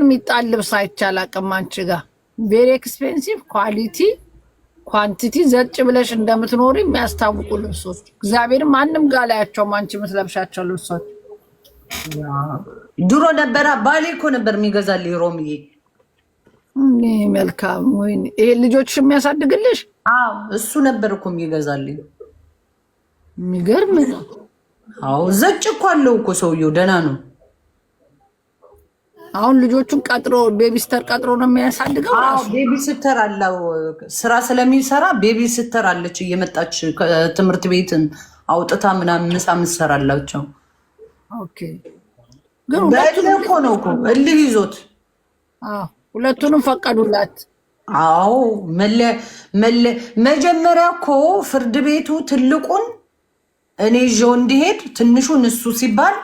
የሚጣል ልብስ አይቻል አቅም አንቺ ጋር ቬሪ ኤክስፔንሲቭ ኳሊቲ ኳንቲቲ ዘጭ ብለሽ እንደምትኖሪ የሚያስታውቁ ልብሶች እግዚአብሔር ማንም ጋ ላያቸው አንቺ የምትለብሻቸው ልብሶች ድሮ ነበረ። ባሌ እኮ ነበር የሚገዛልኝ ሮምዬ። መልካም ወይ ይሄ ልጆች የሚያሳድግልሽ እሱ ነበር እኮ የሚገዛልኝ። የሚገርም ነው። ዘጭ እኮ አለው እኮ ሰውየው ደህና ነው። አሁን ልጆቹን ቀጥሮ ቤቢስተር ቀጥሮ ነው የሚያሳድገው። ቤቢስተር አለው ስራ ስለሚሰራ ቤቢስተር አለች እየመጣች ትምህርት ቤትን አውጥታ ምናምን ምሳ ምሰራላቸው። እኮ ነው እኮ እልህ ይዞት ሁለቱንም ፈቀዱላት። አዎ መጀመሪያ እኮ ፍርድ ቤቱ ትልቁን እኔ ይዤው እንዲሄድ ትንሹን እሱ ሲባል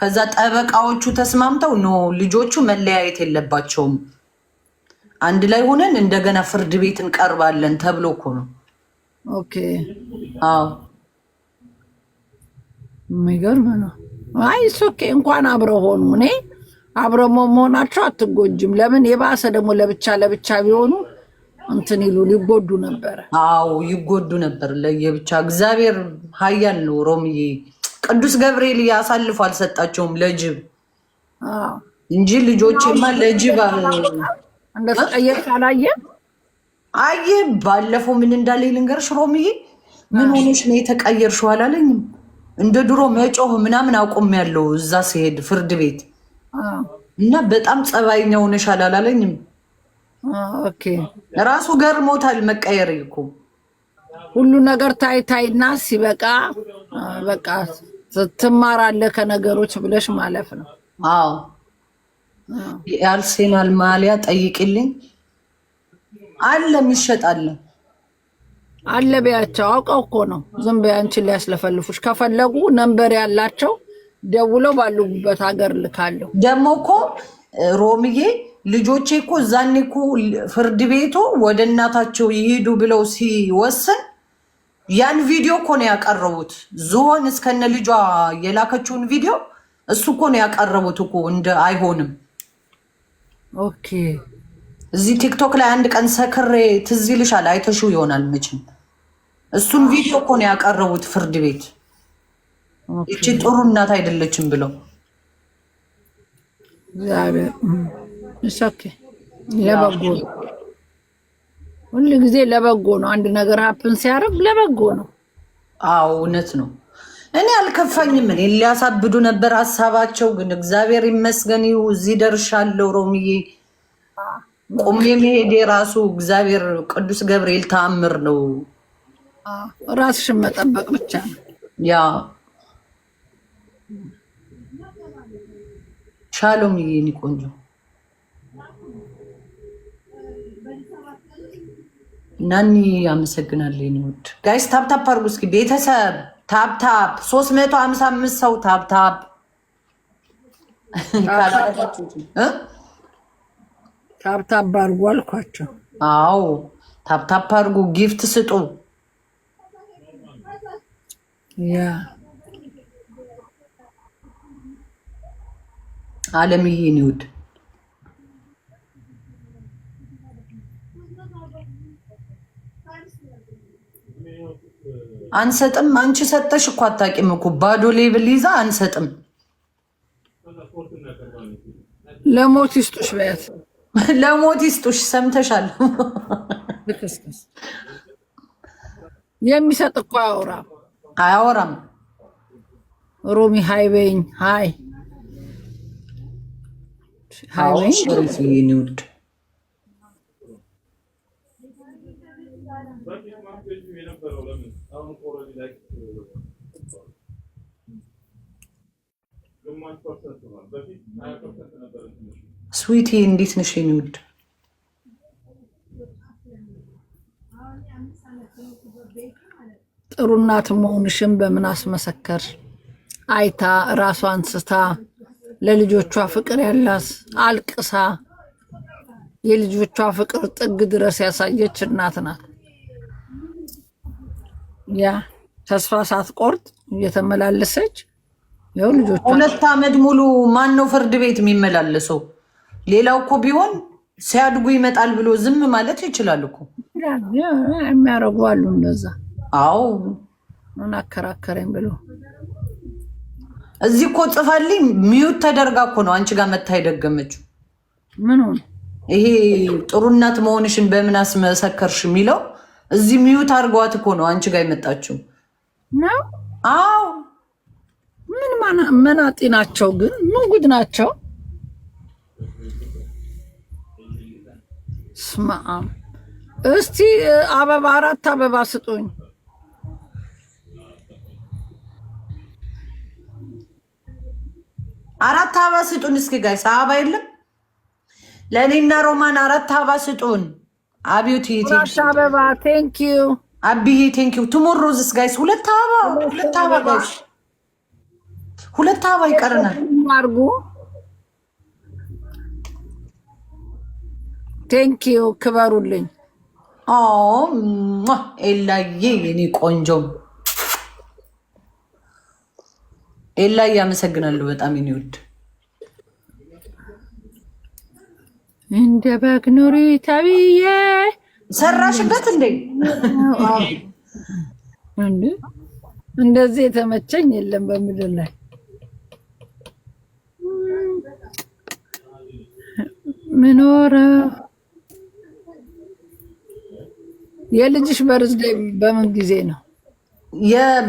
ከዛ ጠበቃዎቹ ተስማምተው ኖ ልጆቹ መለያየት የለባቸውም አንድ ላይ ሆነን እንደገና ፍርድ ቤት እንቀርባለን ተብሎ እኮ ነው። ኦኬ አዎ፣ የሚገርም ነው። አይ ሶኬ እንኳን አብረ ሆኑ እኔ አብረ መሆናቸው አትጎጅም። ለምን የባሰ ደግሞ ለብቻ ለብቻ ቢሆኑ እንትን ይሉ ይጎዱ ነበር። አዎ ይጎዱ ነበር ለየብቻ። እግዚአብሔር ሀያል ነው ሮምዬ ቅዱስ ገብርኤል አሳልፎ አልሰጣቸውም ለጅብ እንጂ ልጆችማ ለጅብ እንደተጠየቅ አላየም። አየ ባለፈው ምን እንዳለ ልንገርሽ ሮምዬ፣ ምን ሆኖሽ ነው የተቀየርሽው አላለኝም። እንደ ድሮ መጮህ ምናምን አቁም ያለው እዛ ሲሄድ ፍርድ ቤት እና በጣም ጸባይኛ ሆነሻል አላለኝም። ራሱ ገርሞታል መቀየር እኮ ሁሉ ነገር ታይታይና ሲበቃ በቃ ትማራለህ ከነገሮች ብለሽ ማለፍ ነው። አዎ የአርሴናል ማሊያ ጠይቅልኝ አለ የሚሸጥ አለ አለ ቢያቸው አውቀው እኮ ነው። ዝም ቢያንችን ሊያስለፈልፉሽ ከፈለጉ ነንበር ያላቸው ደውለው ባሉበት ሀገር ልካለሁ። ደግሞ እኮ ሮምዬ ልጆቼ እኮ እዛኔ እኮ ፍርድ ቤቱ ወደ እናታቸው ይሄዱ ብለው ሲወስን ያን ቪዲዮ እኮ ነው ያቀረቡት። ዝሆን እስከነ ልጇ የላከችውን ቪዲዮ እሱ እኮ ነው ያቀረቡት እኮ እንደ አይሆንም። ኦኬ እዚህ ቲክቶክ ላይ አንድ ቀን ሰክሬ ትዝ ይልሻል፣ አይተሹ ይሆናል መቼም። እሱን ቪዲዮ እኮ ነው ያቀረቡት ፍርድ ቤት። እቺ ጥሩ እናት አይደለችም ብለው ለበጎ ሁሉ ጊዜ ለበጎ ነው። አንድ ነገር ሀፕን ሲያደርግ ለበጎ ነው። አዎ እውነት ነው። እኔ አልከፋኝም። እኔ ሊያሳብዱ ነበር ሀሳባቸው፣ ግን እግዚአብሔር ይመስገን ይሁ እዚህ ደርሻለሁ። ሮምዬ ቆሜ መሄድ የራሱ እግዚአብሔር ቅዱስ ገብርኤል ተአምር ነው። ራስሽን መጠበቅ ብቻ ነው ያ ሻሎም ይሄን ቆንጆ ናኒ አመሰግናለሁ። ንውድ ጋይስ ታፕታፕ አድርጉ እስኪ ቤተሰብ ታፕታፕ ሶስት መቶ ሀምሳ አምስት ሰው ታፕታፕ ታፕታፕ አድርጉ አልኳቸው። አዎ ታፕታፕ አድርጉ፣ ጊፍት ስጡ። ያ አለምዬ ንውድ አንሰጥም። አንቺ ሰጠሽ እኮ አታውቂም እኮ ባዶ ሌብል ይዛ አንሰጥም። ለሞት ይስጡሽ በያት፣ ለሞት ይስጡሽ። ሰምተሻል? የሚሰጥ እኮ አያወራም፣ አያወራም። ሮሚ ሀይ በይኝ፣ ሀይ ሀይ በይኝ ስዊቲ እንዴት ነሽ የኔ ውድ? ጥሩ እናት መሆንሽን በምን አስመሰከር? አይታ ራሷ አንስታ ለልጆቿ ፍቅር ያላት አልቅሳ የልጆቿ ፍቅር ጥግ ድረስ ያሳየች እናት ናት። ያ ተስፋ ሳትቆርጥ እየተመላለሰች ሁለት ዓመት ሙሉ ማን ነው ፍርድ ቤት የሚመላለሰው? ሌላው እኮ ቢሆን ሲያድጉ ይመጣል ብሎ ዝም ማለት ይችላል እኮ የሚያደርጉ አሉ። እንደዛ አዎ፣ ምን አከራከረኝ ብሎ እዚህ እኮ ጽፋልኝ ሚዩት ተደርጋ እኮ ነው አንቺ ጋር መታ የደገመችው። ምን ሆነ ይሄ ጥሩ እናት መሆንሽን በምን አስመሰከርሽ የሚለው እዚህ ሚዩት አድርገዋት እኮ ነው አንቺ ጋር የመጣችው። አዎ መናጢ ናቸው፣ ግን ምን ጉድ ናቸው። ስማ እስቲ አበባ አራት አበባ ስጡኝ። አራት አበባ ስጡን እስኪ ጋይስ፣ አበባ የለም ለኔና ሮማን አራት አበባ ስጡን። አብዩት አበባ ቴንኪዩ አብይ ቴንኪዩ ቱሞሮዝስ ጋይስ ሁለት አበባ ሁለት አበባ ጋይስ ሁለት አበባ ይቀርናል። አድርጉ። ቴንኪዩ ክበሩልኝ። ኤላዬ የኔ ቆንጆም ኤላዬ አመሰግናለሁ በጣም የኔ ውድ እንደ በግ ኑሪ ተብዬ ሰራሽበት እንዴ? እንደዚህ የተመቸኝ የለም በምድር ላይ ምኖረው የልጅሽ በርዝዴይ በምን ጊዜ ነው?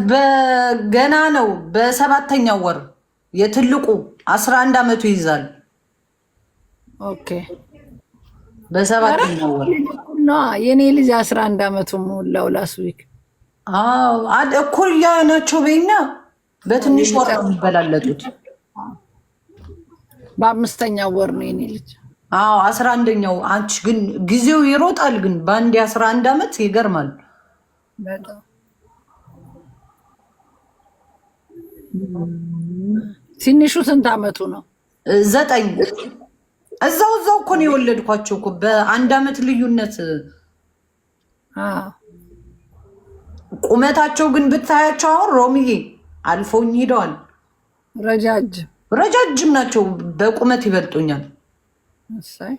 በገና ነው፣ በሰባተኛው ወር የትልቁ አስራ አንድ አመቱ ይይዛል። ኦኬ በሰባተኛው ወር የኔ ልጅ አስራ አንድ አመቱ ሞላው ላስ ዊክ። እኩያ ናቸው በኛ በትንሽ ወር ነው የሚበላለጡት። በአምስተኛው ወር ነው የኔ ልጅ አዎ አስራ አንደኛው አንቺ ግን ጊዜው ይሮጣል። ግን በአንድ የአስራ አንድ አመት ይገርማል። ትንሹ ስንት አመቱ ነው? ዘጠኝ እዛው እዛው እኮ ነው የወለድኳቸው እኮ በአንድ አመት ልዩነት። ቁመታቸው ግን ብታያቸው አሁን ሮሚዬ አልፎኝ ሂደዋል። ረጃጅም ረጃጅም ናቸው። በቁመት ይበልጡኛል። እሰይ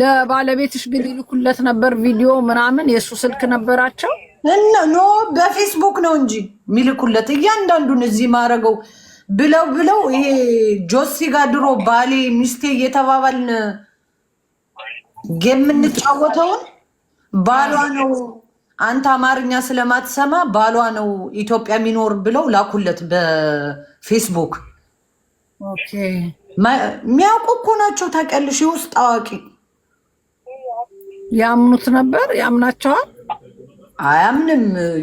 ለባለቤትሽ ግን ይልኩለት ነበር ቪዲዮ ምናምን። የእሱ ስልክ ነበራቸው እና ኖ በፌስቡክ ነው እንጂ ሚልኩለት እያንዳንዱን እዚህ ማድረገው ብለው ብለው ይሄ ጆሲ ጋር ድሮ ባሌ ሚስቴ እየተባባልን የምንጫወተውን ባሏ ነው። አንተ አማርኛ ስለማትሰማ ባሏ ነው ኢትዮጵያ የሚኖር ብለው ላኩለት በፌስቡክ። የሚያውቁ እኮ ናቸው። ታውቂያለሽ፣ የውስጥ አዋቂ ያምኑት ነበር። ያምናቸዋል። አያምንም።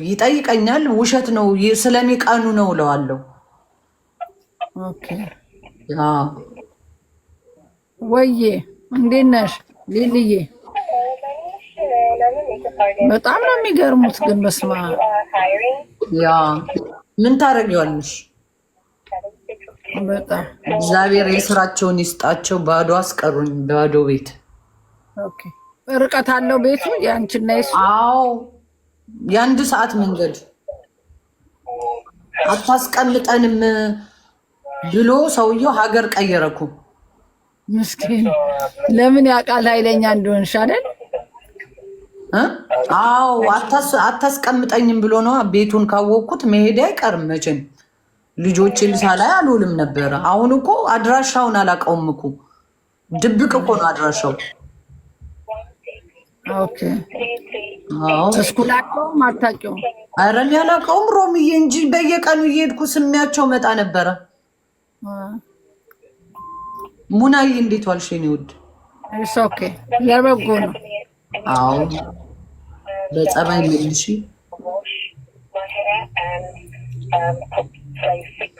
ይጠይቀኛል። ውሸት ነው ስለኔ ቀኑ ነው እለዋለሁ። ወይዬ እንዴት ነሽ ሊልዬ? በጣም ነው የሚገርሙት ግን በስማ ያ ምን ታደርጊዋለሽ? በጣም እግዚአብሔር የስራቸውን ይስጣቸው። ባዶ አስቀሩኝ፣ ባዶ ቤት። ርቀት አለው ቤቱ የአንቺና የሱ? አዎ የአንድ ሰዓት መንገድ አታስቀምጠንም ብሎ ሰውየው ሀገር ቀየረኩ። ምስኪን ለምን ያውቃል ኃይለኛ እንደሆንሽ አይደል? አዎ አታስቀምጠኝም ብሎ ነው። ቤቱን ካወቅኩት መሄድ አይቀርም መቼም ልጆችን ሳላይ አልውልም ነበረ። አሁን እኮ አድራሻውን አላውቀውም እኮ ድብቅ እኮ ነው አድራሻው። ስኩላቸውም አታውቂውም? ኧረ እኔ አላውቀውም ሮምዬ እንጂ በየቀኑ እየሄድኩ ስሚያቸው መጣ ነበረ። ሙናዬ እንዴት ዋልሽ? እኔ ውድ ለበጎ ነው። አዎ በጸባይ መልሽ say six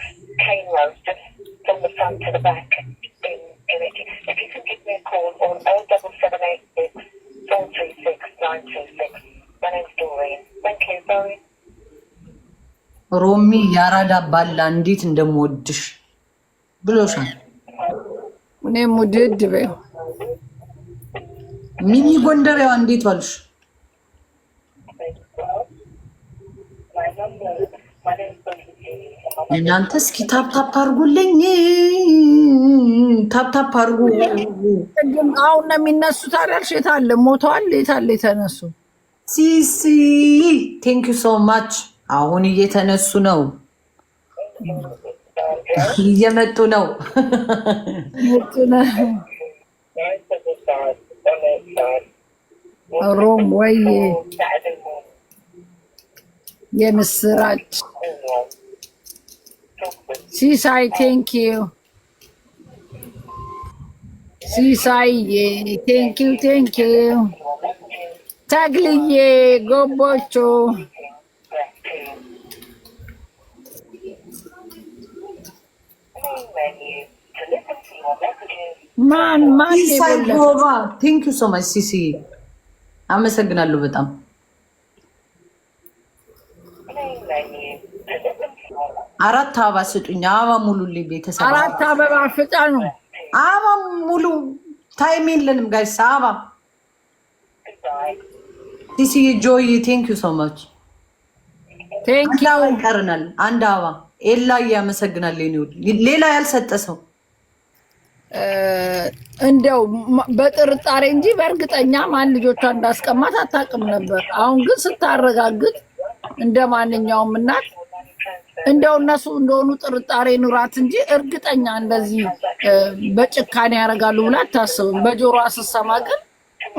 cane rows just from the front to the back in, in it. If you can give me a call on 07786 436 926. My name's Doreen. Thank you, Doreen. ሮሚ ያራዳ ባላ እንዴት እንደምወድሽ ብሎሻል። እኔም ውድድ በይ ሚኒ ጎንደሬዋ እንዴት ዋልሽ? እናንተ እስኪ ታፕታፕ አርጉልኝ፣ ታፕታፕ አርጉ። አሁን ነው የሚነሱት አላልሽ? የት ሞተዋል? የት የተነሱ? ሲሲ ቴንክ ዩ ሶ ማች። አሁን እየተነሱ ነው፣ እየመጡ ነው። ሮም ወይ የምስራች Sisi, thank you. Sisi, yeah. thank you, thank you. Tagli, yeah. go bocho. Man, man, thank you so much, Sisi. I'm a second አመሰግናለሁ them. አራት አበባ ስጡኝ፣ አበባ ሙሉልኝ። ቤተሰብ አራት አበባ ፍጫ ነው። አበባ ሙሉ ታይም የለንም ጋይስ። አበባ ዲሲ ጆይ ቴንክ ዩ ሶ ማች ቴንክ ዩ። ይቀርናል አንድ አበባ ኤላ እያመሰግናል። ሌላ ያልሰጠ ሰው እንደው በጥርጣሬ እንጂ በእርግጠኛ ማን ልጆቿ እንዳስቀማት አታውቅም ነበር። አሁን ግን ስታረጋግጥ እንደ ማንኛውም እናት እንደው እነሱ እንደሆኑ ጥርጣሬ ኑራት እንጂ እርግጠኛ እንደዚህ በጭካኔ ያደርጋሉ ብላ አታስብም። በጆሮ ስትሰማ ግን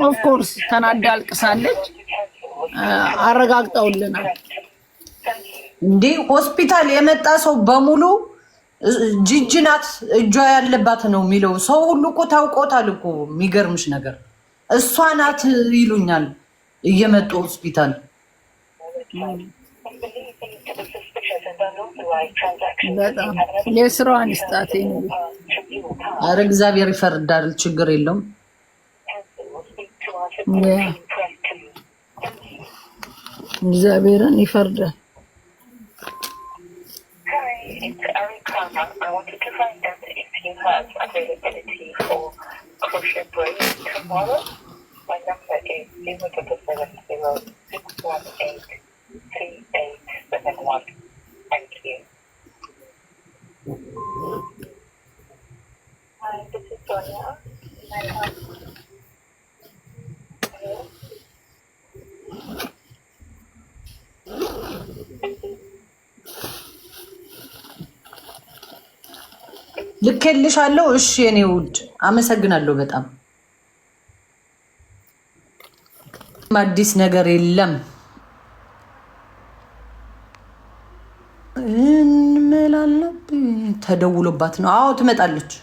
ኦፍኮርስ ተናዳ አልቅሳለች። አረጋግጠውልናል። እንዲህ ሆስፒታል የመጣ ሰው በሙሉ ጅጅ ናት እጇ ያለባት ነው የሚለው ሰው ሁሉ እኮ ታውቆታል እኮ። የሚገርምሽ ነገር እሷ ናት ይሉኛል እየመጡ ሆስፒታል በጣም የስራዋን ስጣት። አረ እግዚአብሔር ይፈርዳል፣ ችግር የለውም። እግዚአብሔርን ይፈርዳል። ልኬልሻለሁ። እሺ የኔ ውድ አመሰግናለሁ በጣም አዲስ ነገር የለም። እንመላለብ ተደውሎባት ነው። አዎ ትመጣለች።